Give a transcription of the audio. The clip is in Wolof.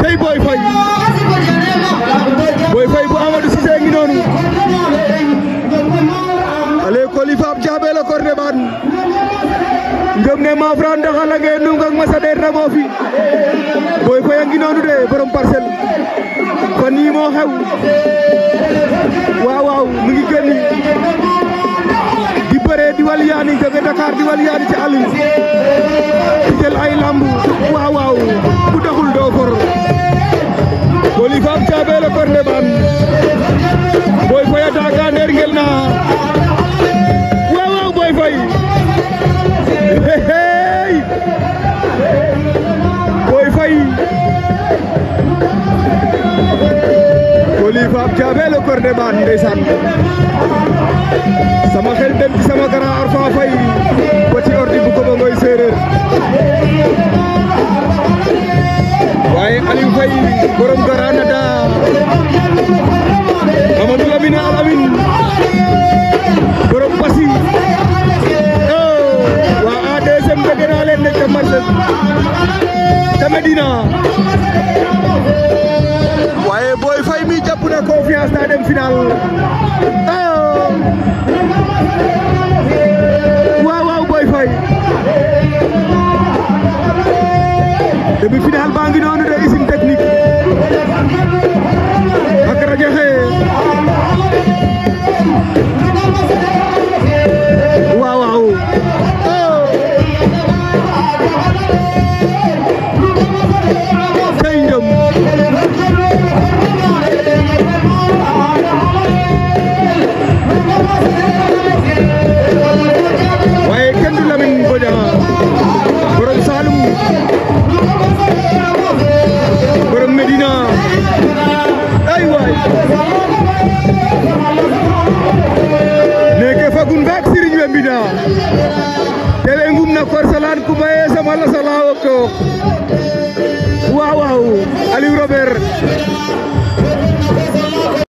tey Boy Faye Boy Faye bu Amadou Cissé ngi noonu ale koli faap jaabe la ne ma fran daxa ngeen num kak masa deer na moo fi a ngi noonu de borom parcelle fan moo xew waaw waaw ngi génn di bëree di wal yaani jóge Dakar di wal yaani ci àll Leban Boy Faye Daga Nder ngel na waaw waaw Boy Faye hey Boy Faye Coly Pape Diabé le corps de Ban ndeysaan sama xel dem ci sama grand Arfan Faye ba ci ordi bu ko ba ngoy séeréer waaye Aliou Faye borom garana na waaye Boy Faye mi jàpp na confiance na dem final demi final baa ngi sabun bak siriñ we mbina tele ngum na korsalan kumaye sama la sala o ko waaw waaw Aliou Robert